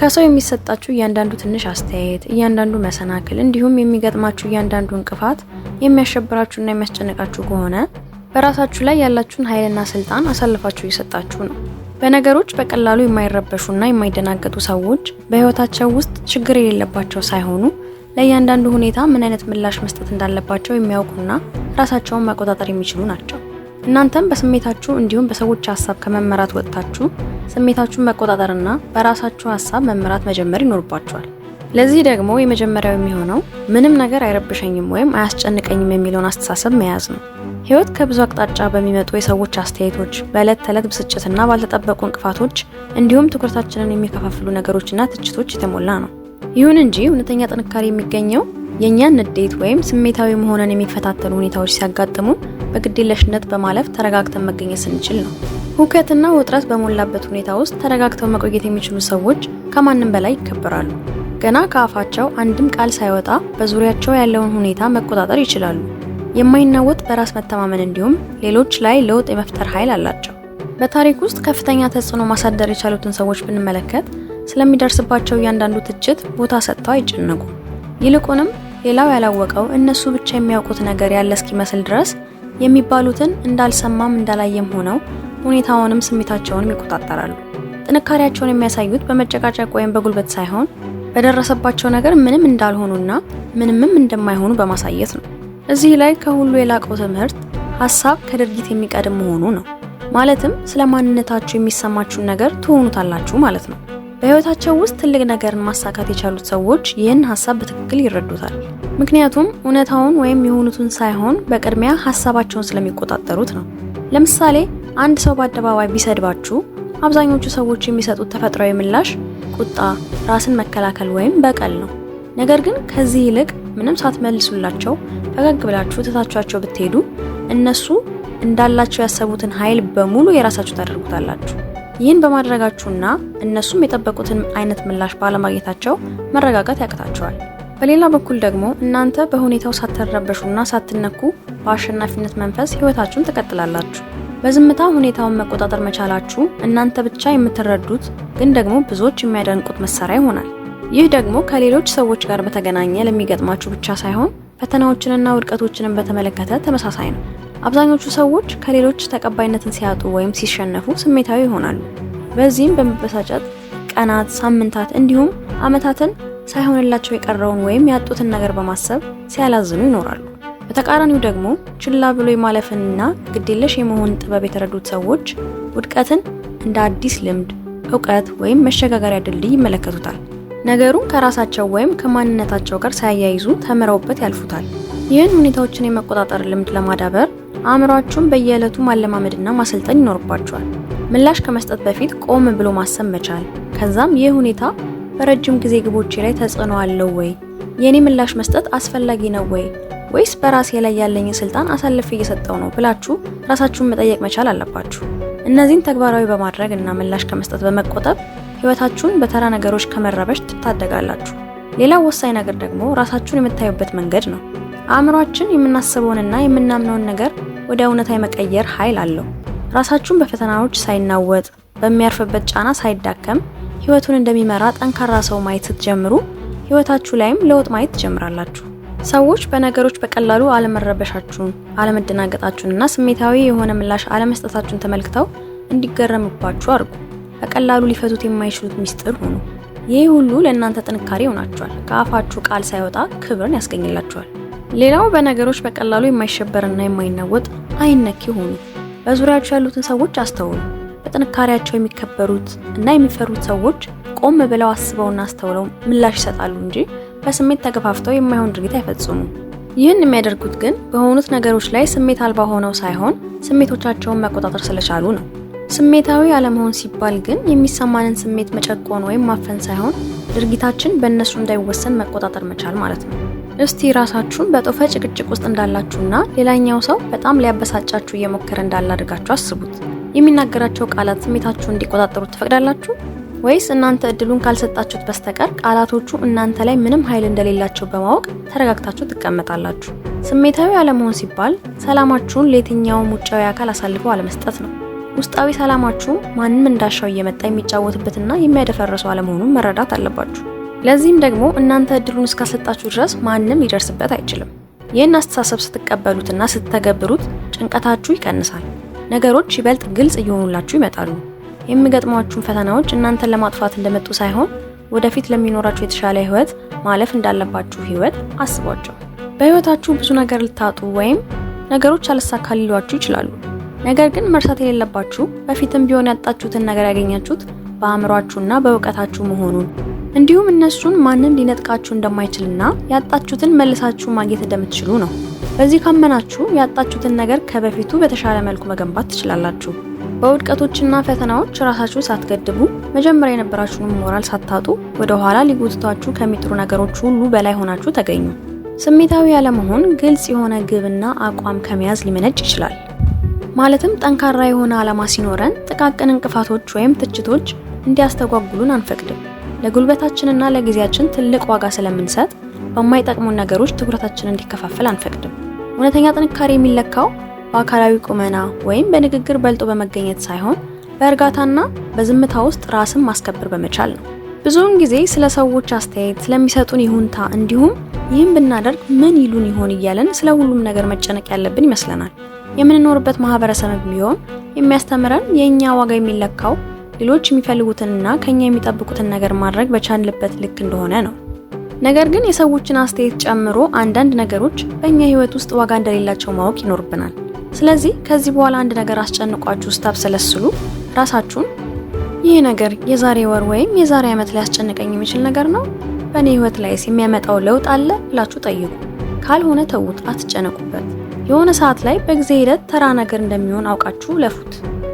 ከሰው የሚሰጣችሁ እያንዳንዱ ትንሽ አስተያየት፣ እያንዳንዱ መሰናክል እንዲሁም የሚገጥማችሁ እያንዳንዱ እንቅፋት የሚያሸብራችሁና የሚያስጨንቃችሁ ከሆነ በራሳችሁ ላይ ያላችሁን ኃይልና ስልጣን አሳልፋችሁ እየሰጣችሁ ነው። በነገሮች በቀላሉ የማይረበሹና የማይደናገጡ ሰዎች በህይወታቸው ውስጥ ችግር የሌለባቸው ሳይሆኑ ለእያንዳንዱ ሁኔታ ምን አይነት ምላሽ መስጠት እንዳለባቸው የሚያውቁና ራሳቸውን መቆጣጠር የሚችሉ ናቸው። እናንተም በስሜታችሁ እንዲሁም በሰዎች ሀሳብ ከመመራት ወጥታችሁ ስሜታችሁን መቆጣጠርና በራሳችሁ ሀሳብ መመራት መጀመር ይኖርባችኋል። ለዚህ ደግሞ የመጀመሪያው የሚሆነው ምንም ነገር አይረብሸኝም ወይም አያስጨንቀኝም የሚለውን አስተሳሰብ መያዝ ነው። ህይወት ከብዙ አቅጣጫ በሚመጡ የሰዎች አስተያየቶች፣ በዕለት ተዕለት ብስጭትና ባልተጠበቁ እንቅፋቶች እንዲሁም ትኩረታችንን የሚከፋፍሉ ነገሮችና ትችቶች የተሞላ ነው። ይሁን እንጂ እውነተኛ ጥንካሬ የሚገኘው የእኛን ንዴት ወይም ስሜታዊ መሆንን የሚፈታተኑ ሁኔታዎች ሲያጋጥሙ በግዴለሽነት በማለፍ ተረጋግተን መገኘት ስንችል ነው። ሁከትና ውጥረት በሞላበት ሁኔታ ውስጥ ተረጋግተው መቆየት የሚችሉ ሰዎች ከማንም በላይ ይከበራሉ። ገና ከአፋቸው አንድም ቃል ሳይወጣ በዙሪያቸው ያለውን ሁኔታ መቆጣጠር ይችላሉ። የማይናወጥ በራስ መተማመን እንዲሁም ሌሎች ላይ ለውጥ የመፍጠር ኃይል አላቸው። በታሪክ ውስጥ ከፍተኛ ተጽዕኖ ማሳደር የቻሉትን ሰዎች ብንመለከት ስለሚደርስባቸው እያንዳንዱ ትችት ቦታ ሰጥተው አይጨነቁም። ይልቁንም ሌላው ያላወቀው እነሱ ብቻ የሚያውቁት ነገር ያለ እስኪመስል ድረስ የሚባሉትን እንዳልሰማም እንዳላየም ሆነው ሁኔታውንም ስሜታቸውንም ይቆጣጠራሉ። ጥንካሬያቸውን የሚያሳዩት በመጨቃጨቅ ወይም በጉልበት ሳይሆን በደረሰባቸው ነገር ምንም እንዳልሆኑና ምንምም እንደማይሆኑ በማሳየት ነው። እዚህ ላይ ከሁሉ የላቀው ትምህርት ሀሳብ ከድርጊት የሚቀድም መሆኑ ነው። ማለትም ስለ ማንነታችሁ የሚሰማችሁን ነገር ትሆኑታላችሁ ማለት ነው። በህይወታቸው ውስጥ ትልቅ ነገርን ማሳካት የቻሉት ሰዎች ይህን ሀሳብ በትክክል ይረዱታል። ምክንያቱም እውነታውን ወይም የሆኑትን ሳይሆን በቅድሚያ ሀሳባቸውን ስለሚቆጣጠሩት ነው። ለምሳሌ አንድ ሰው በአደባባይ ቢሰድባችሁ አብዛኞቹ ሰዎች የሚሰጡት ተፈጥሯዊ ምላሽ ቁጣ፣ ራስን መከላከል ወይም በቀል ነው። ነገር ግን ከዚህ ይልቅ ምንም ሳትመልሱላቸው ፈገግ ብላችሁ ትታችኋቸው ብትሄዱ እነሱ እንዳላቸው ያሰቡትን ኃይል በሙሉ የራሳችሁ ታደርጉታላችሁ። ይህን በማድረጋችሁና እነሱም የጠበቁትን አይነት ምላሽ ባለማግኘታቸው መረጋጋት ያቅታቸዋል። በሌላ በኩል ደግሞ እናንተ በሁኔታው ሳትረበሹና ሳትነኩ በአሸናፊነት መንፈስ ህይወታችሁን ትቀጥላላችሁ። በዝምታ ሁኔታውን መቆጣጠር መቻላችሁ እናንተ ብቻ የምትረዱት ግን ደግሞ ብዙዎች የሚያደንቁት መሳሪያ ይሆናል። ይህ ደግሞ ከሌሎች ሰዎች ጋር በተገናኘ ለሚገጥማችሁ ብቻ ሳይሆን ፈተናዎችንና ውድቀቶችንን በተመለከተ ተመሳሳይ ነው። አብዛኞቹ ሰዎች ከሌሎች ተቀባይነትን ሲያጡ ወይም ሲሸነፉ ስሜታዊ ይሆናሉ። በዚህም በመበሳጨት ቀናት፣ ሳምንታት እንዲሁም ዓመታትን ሳይሆንላቸው የቀረውን ወይም ያጡትን ነገር በማሰብ ሲያላዝኑ ይኖራሉ። በተቃራኒው ደግሞ ችላ ብሎ የማለፍንና ግዴለሽ የመሆን ጥበብ የተረዱት ሰዎች ውድቀትን እንደ አዲስ ልምድ፣ እውቀት ወይም መሸጋገሪያ ድልድይ ይመለከቱታል። ነገሩን ከራሳቸው ወይም ከማንነታቸው ጋር ሳያያይዙ ተምረውበት ያልፉታል። ይህን ሁኔታዎችን የመቆጣጠር ልምድ ለማዳበር አእምሯችሁን በየዕለቱ ማለማመድና ማሰልጠን ይኖርባችኋል። ምላሽ ከመስጠት በፊት ቆም ብሎ ማሰብ መቻል፣ ከዛም ይህ ሁኔታ በረጅም ጊዜ ግቦቼ ላይ ተጽዕኖ አለው ወይ? የእኔ ምላሽ መስጠት አስፈላጊ ነው ወይ? ወይስ በራሴ ላይ ያለኝ ስልጣን አሳልፍ እየሰጠው ነው ብላችሁ ራሳችሁን መጠየቅ መቻል አለባችሁ። እነዚህን ተግባራዊ በማድረግ እና ምላሽ ከመስጠት በመቆጠብ ህይወታችሁን በተራ ነገሮች ከመረበሽ ትታደጋላችሁ። ሌላው ወሳኝ ነገር ደግሞ ራሳችሁን የምታዩበት መንገድ ነው። አእምሯችን የምናስበውንና የምናምነውን ነገር ወደ እውነታ የመቀየር ኃይል አለው። ራሳችሁን በፈተናዎች ሳይናወጥ በሚያርፍበት ጫና ሳይዳከም ህይወቱን እንደሚመራ ጠንካራ ሰው ማየት ስትጀምሩ ህይወታችሁ ላይም ለውጥ ማየት ትጀምራላችሁ። ሰዎች በነገሮች በቀላሉ አለመረበሻችሁን፣ አለመደናገጣችሁንና ስሜታዊ የሆነ ምላሽ አለመስጠታችሁን ተመልክተው እንዲገረምባችሁ አድርጉ። በቀላሉ ሊፈቱት የማይችሉት ሚስጥር ሆኑ። ይህ ሁሉ ለእናንተ ጥንካሬ ይሆናችኋል። ከአፋችሁ ቃል ሳይወጣ ክብርን ያስገኝላችኋል። ሌላው በነገሮች በቀላሉ የማይሸበርና የማይናወጥ አይነኪ ሆኑ። በዙሪያቸው ያሉትን ሰዎች አስተውሉ። በጥንካሬያቸው የሚከበሩት እና የሚፈሩት ሰዎች ቆም ብለው አስበውና አስተውለው ምላሽ ይሰጣሉ እንጂ በስሜት ተገፋፍተው የማይሆን ድርጊት አይፈጽሙም። ይህን የሚያደርጉት ግን በሆኑት ነገሮች ላይ ስሜት አልባ ሆነው ሳይሆን ስሜቶቻቸውን መቆጣጠር ስለቻሉ ነው። ስሜታዊ አለመሆን ሲባል ግን የሚሰማንን ስሜት መጨቆን ወይም ማፈን ሳይሆን ድርጊታችን በእነሱ እንዳይወሰን መቆጣጠር መቻል ማለት ነው። እስቲ ራሳችሁን በጦፈ ጭቅጭቅ ውስጥ እንዳላችሁና ሌላኛው ሰው በጣም ሊያበሳጫችሁ እየሞከረ እንዳለ አድርጋችሁ አስቡት። የሚናገራቸው ቃላት ስሜታችሁን እንዲቆጣጠሩ ትፈቅዳላችሁ? ወይስ እናንተ እድሉን ካልሰጣችሁት በስተቀር ቃላቶቹ እናንተ ላይ ምንም ኃይል እንደሌላቸው በማወቅ ተረጋግታችሁ ትቀመጣላችሁ? ስሜታዊ አለመሆን ሲባል ሰላማችሁን ለየትኛውም ውጫዊ አካል አሳልፎ አለመስጠት ነው። ውስጣዊ ሰላማችሁ ማንም እንዳሻው እየመጣ የሚጫወትበትና የሚያደፈርሰው አለመሆኑን መረዳት አለባችሁ። ለዚህም ደግሞ እናንተ እድሉን እስካሰጣችሁ ድረስ ማንም ሊደርስበት አይችልም። ይህን አስተሳሰብ ስትቀበሉትና ስትተገብሩት ጭንቀታችሁ ይቀንሳል። ነገሮች ይበልጥ ግልጽ እየሆኑላችሁ ይመጣሉ። የሚገጥሟችሁን ፈተናዎች እናንተን ለማጥፋት እንደመጡ ሳይሆን ወደፊት ለሚኖራችሁ የተሻለ ህይወት ማለፍ እንዳለባችሁ ህይወት አስቧቸው። በህይወታችሁ ብዙ ነገር ልታጡ ወይም ነገሮች አልሳካ ሊሏችሁ ይችላሉ። ነገር ግን መርሳት የሌለባችሁ በፊትም ቢሆን ያጣችሁትን ነገር ያገኛችሁት በአእምሯችሁና በእውቀታችሁ መሆኑን እንዲሁም እነሱን ማንም ሊነጥቃችሁ እንደማይችልና ያጣችሁትን መልሳችሁ ማግኘት እንደምትችሉ ነው። በዚህ ካመናችሁ ያጣችሁትን ነገር ከበፊቱ በተሻለ መልኩ መገንባት ትችላላችሁ። በውድቀቶችና ፈተናዎች ራሳችሁ ሳትገድቡ መጀመሪያ የነበራችሁን ሞራል ሳታጡ ወደ ኋላ ሊጎትቷችሁ ከሚጥሩ ነገሮች ሁሉ በላይ ሆናችሁ ተገኙ። ስሜታዊ ያለመሆን ግልጽ የሆነ ግብና አቋም ከመያዝ ሊመነጭ ይችላል። ማለትም ጠንካራ የሆነ ዓላማ ሲኖረን ጥቃቅን እንቅፋቶች ወይም ትችቶች እንዲያስተጓጉሉን አንፈቅድም። ለጉልበታችንና ለጊዜያችን ትልቅ ዋጋ ስለምንሰጥ በማይጠቅሙን ነገሮች ትኩረታችን እንዲከፋፈል አንፈቅድም። እውነተኛ ጥንካሬ የሚለካው በአካላዊ ቁመና ወይም በንግግር በልጦ በመገኘት ሳይሆን በእርጋታና በዝምታ ውስጥ ራስን ማስከበር በመቻል ነው። ብዙውን ጊዜ ስለ ሰዎች አስተያየት፣ ስለሚሰጡን ይሁንታ እንዲሁም ይህም ብናደርግ ምን ይሉን ይሆን እያለን ስለ ሁሉም ነገር መጨነቅ ያለብን ይመስለናል። የምንኖርበት ማህበረሰብ ቢሆን የሚያስተምረን የእኛ ዋጋ የሚለካው ሌሎች የሚፈልጉትንና ከኛ የሚጠብቁትን ነገር ማድረግ በቻንልበት ልክ እንደሆነ ነው። ነገር ግን የሰዎችን አስተያየት ጨምሮ አንዳንድ ነገሮች በእኛ ህይወት ውስጥ ዋጋ እንደሌላቸው ማወቅ ይኖርብናል። ስለዚህ ከዚህ በኋላ አንድ ነገር አስጨንቋችሁ ስታብሰለስሉ ራሳችሁን ይህ ነገር የዛሬ ወር ወይም የዛሬ ዓመት ሊያስጨንቀኝ የሚችል ነገር ነው፣ በእኔ ህይወት ላይስ የሚያመጣው ለውጥ አለ ብላችሁ ጠይቁ። ካልሆነ ተዉት፣ አትጨነቁበት። የሆነ ሰዓት ላይ በጊዜ ሂደት ተራ ነገር እንደሚሆን አውቃችሁ ለፉት።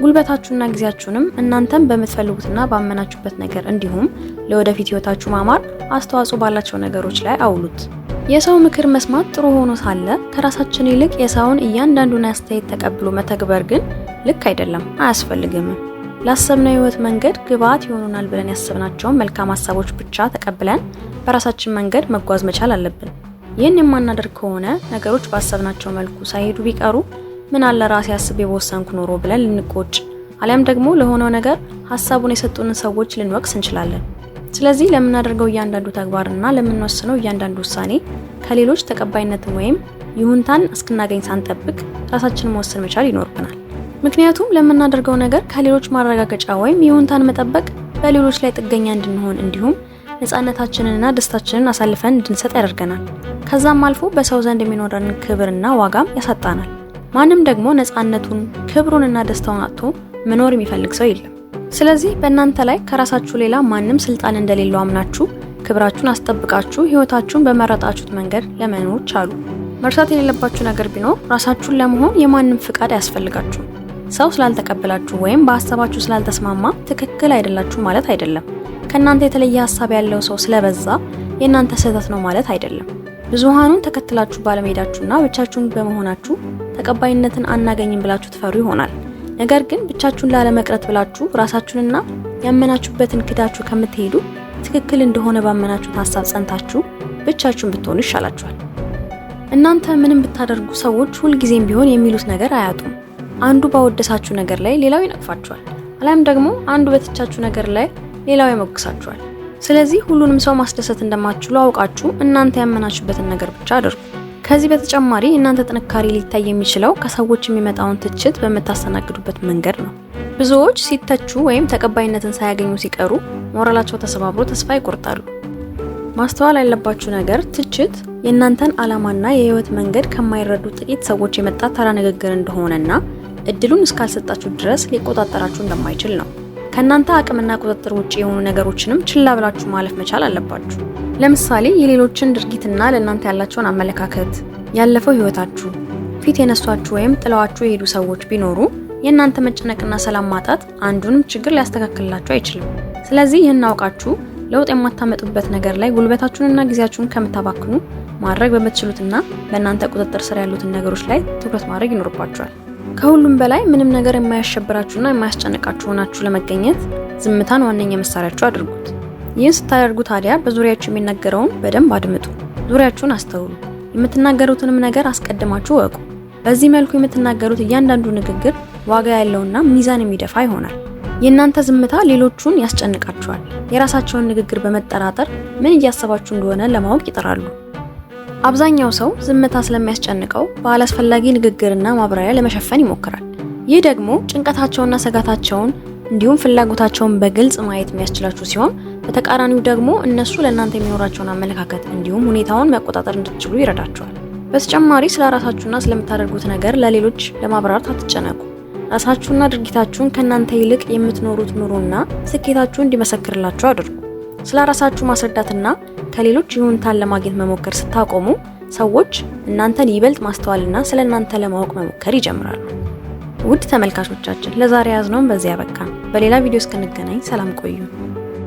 ጉልበታችሁና ጊዜያችሁንም እናንተም በምትፈልጉትና ባመናችሁበት ነገር እንዲሁም ለወደፊት ህይወታችሁ ማማር አስተዋጽኦ ባላቸው ነገሮች ላይ አውሉት። የሰው ምክር መስማት ጥሩ ሆኖ ሳለ ከራሳችን ይልቅ የሰውን እያንዳንዱን አስተያየት ተቀብሎ መተግበር ግን ልክ አይደለም፣ አያስፈልግም። ላሰብነው የህይወት መንገድ ግብዓት ይሆኑናል ብለን ያሰብናቸውን መልካም ሀሳቦች ብቻ ተቀብለን በራሳችን መንገድ መጓዝ መቻል አለብን። ይህን የማናደርግ ከሆነ ነገሮች ባሰብናቸው መልኩ ሳይሄዱ ቢቀሩ ምን አለ ራሴ አስቤ በወሰንኩ ኖሮ ብለን ልንቆጭ አሊያም ደግሞ ለሆነው ነገር ሀሳቡን የሰጡንን ሰዎች ልንወቅስ እንችላለን። ስለዚህ ለምናደርገው እያንዳንዱ ተግባርና ለምንወስነው እያንዳንዱ ውሳኔ ከሌሎች ተቀባይነትን ወይም ይሁንታን እስክናገኝ ሳንጠብቅ ራሳችን መወሰን መቻል ይኖርብናል። ምክንያቱም ለምናደርገው ነገር ከሌሎች ማረጋገጫ ወይም ይሁንታን መጠበቅ በሌሎች ላይ ጥገኛ እንድንሆን እንዲሁም ነፃነታችንንና ደስታችንን አሳልፈን እንድንሰጥ ያደርገናል። ከዛም አልፎ በሰው ዘንድ የሚኖረንን ክብርና ዋጋም ያሳጣናል። ማንም ደግሞ ነፃነቱን ክብሩንና ደስታውን አጥቶ መኖር የሚፈልግ ሰው የለም። ስለዚህ በእናንተ ላይ ከራሳችሁ ሌላ ማንም ስልጣን እንደሌለው አምናችሁ ክብራችሁን አስጠብቃችሁ ህይወታችሁን በመረጣችሁት መንገድ ለመኖር ቻሉ። መርሳት የሌለባችሁ ነገር ቢኖር ራሳችሁን ለመሆን የማንም ፍቃድ አያስፈልጋችሁም ሰው ስላልተቀበላችሁ ወይም በሀሳባችሁ ስላልተስማማ ትክክል አይደላችሁ ማለት አይደለም። ከእናንተ የተለየ ሀሳብ ያለው ሰው ስለበዛ የእናንተ ስህተት ነው ማለት አይደለም። ብዙሃኑን ተከትላችሁ ባለመሄዳችሁና ብቻችሁን በመሆናችሁ ተቀባይነትን አናገኝም ብላችሁ ትፈሩ ይሆናል። ነገር ግን ብቻችሁን ላለመቅረት ብላችሁ ራሳችሁንና ያመናችሁበትን ክዳችሁ ከምትሄዱ ትክክል እንደሆነ ባመናችሁት ሀሳብ ጸንታችሁ ብቻችሁን ብትሆኑ ይሻላችኋል። እናንተ ምንም ብታደርጉ ሰዎች ሁልጊዜም ቢሆን የሚሉት ነገር አያጡም። አንዱ ባወደሳችሁ ነገር ላይ ሌላው ይነቅፋችኋል፣ አሊያም ደግሞ አንዱ በተቻችሁ ነገር ላይ ሌላው ያሞግሳችኋል። ስለዚህ ሁሉንም ሰው ማስደሰት እንደማትችሉ አውቃችሁ እናንተ ያመናችሁበትን ነገር ብቻ አድርጉ። ከዚህ በተጨማሪ እናንተ ጥንካሬ ሊታይ የሚችለው ከሰዎች የሚመጣውን ትችት በምታስተናግዱበት መንገድ ነው። ብዙዎች ሲተቹ ወይም ተቀባይነትን ሳያገኙ ሲቀሩ ሞራላቸው ተሰባብሮ ተስፋ ይቆርጣሉ። ማስተዋል ያለባችሁ ነገር ትችት የእናንተን ዓላማና የህይወት መንገድ ከማይረዱ ጥቂት ሰዎች የመጣ ተራ ንግግር እንደሆነና እድሉን እስካልሰጣችሁ ድረስ ሊቆጣጠራችሁ እንደማይችል ነው። ከእናንተ አቅምና ቁጥጥር ውጭ የሆኑ ነገሮችንም ችላ ብላችሁ ማለፍ መቻል አለባችሁ። ለምሳሌ የሌሎችን ድርጊትና ለእናንተ ያላቸውን አመለካከት፣ ያለፈው ህይወታችሁ፣ ፊት የነሷችሁ ወይም ጥለዋችሁ የሄዱ ሰዎች ቢኖሩ የእናንተ መጨነቅና ሰላም ማጣት አንዱንም ችግር ሊያስተካክልላችሁ አይችልም። ስለዚህ ይህን አውቃችሁ ለውጥ የማታመጡበት ነገር ላይ ጉልበታችሁንና ጊዜያችሁን ከምታባክኑ ማድረግ በምትችሉትና በእናንተ ቁጥጥር ስር ያሉትን ነገሮች ላይ ትኩረት ማድረግ ይኖርባችኋል። ከሁሉም በላይ ምንም ነገር የማያሸብራችሁና የማያስጨንቃችሁ ሆናችሁ ለመገኘት ዝምታን ዋነኛ መሳሪያችሁ አድርጉት። ይህን ስታደርጉ ታዲያ በዙሪያችሁ የሚነገረውን በደንብ አድምጡ። ዙሪያችሁን አስተውሉ። የምትናገሩትንም ነገር አስቀድማችሁ እወቁ። በዚህ መልኩ የምትናገሩት እያንዳንዱ ንግግር ዋጋ ያለውና ሚዛን የሚደፋ ይሆናል። የእናንተ ዝምታ ሌሎቹን ያስጨንቃቸዋል። የራሳቸውን ንግግር በመጠራጠር ምን እያሰባችሁ እንደሆነ ለማወቅ ይጥራሉ። አብዛኛው ሰው ዝምታ ስለሚያስጨንቀው በአላስፈላጊ ንግግርና ማብራሪያ ለመሸፈን ይሞክራል። ይህ ደግሞ ጭንቀታቸውና ስጋታቸውን እንዲሁም ፍላጎታቸውን በግልጽ ማየት የሚያስችላችሁ ሲሆን በተቃራኒው ደግሞ እነሱ ለእናንተ የሚኖራቸውን አመለካከት እንዲሁም ሁኔታውን መቆጣጠር እንድትችሉ ይረዳቸዋል። በተጨማሪ ስለ ራሳችሁና ስለምታደርጉት ነገር ለሌሎች ለማብራራት አትጨነቁ። ራሳችሁና ድርጊታችሁን ከእናንተ ይልቅ የምትኖሩት ኑሮና ስኬታችሁ እንዲመሰክርላችሁ አድርጉ። ስለ ራሳችሁ ማስረዳትና ከሌሎች ይሁንታን ለማግኘት መሞከር ስታቆሙ ሰዎች እናንተን ይበልጥ ማስተዋልና ስለ እናንተ ለማወቅ መሞከር ይጀምራሉ። ውድ ተመልካቾቻችን ለዛሬ ያዝነውን በዚያ ያበቃን። በሌላ ቪዲዮ እስክንገናኝ ሰላም ቆዩ።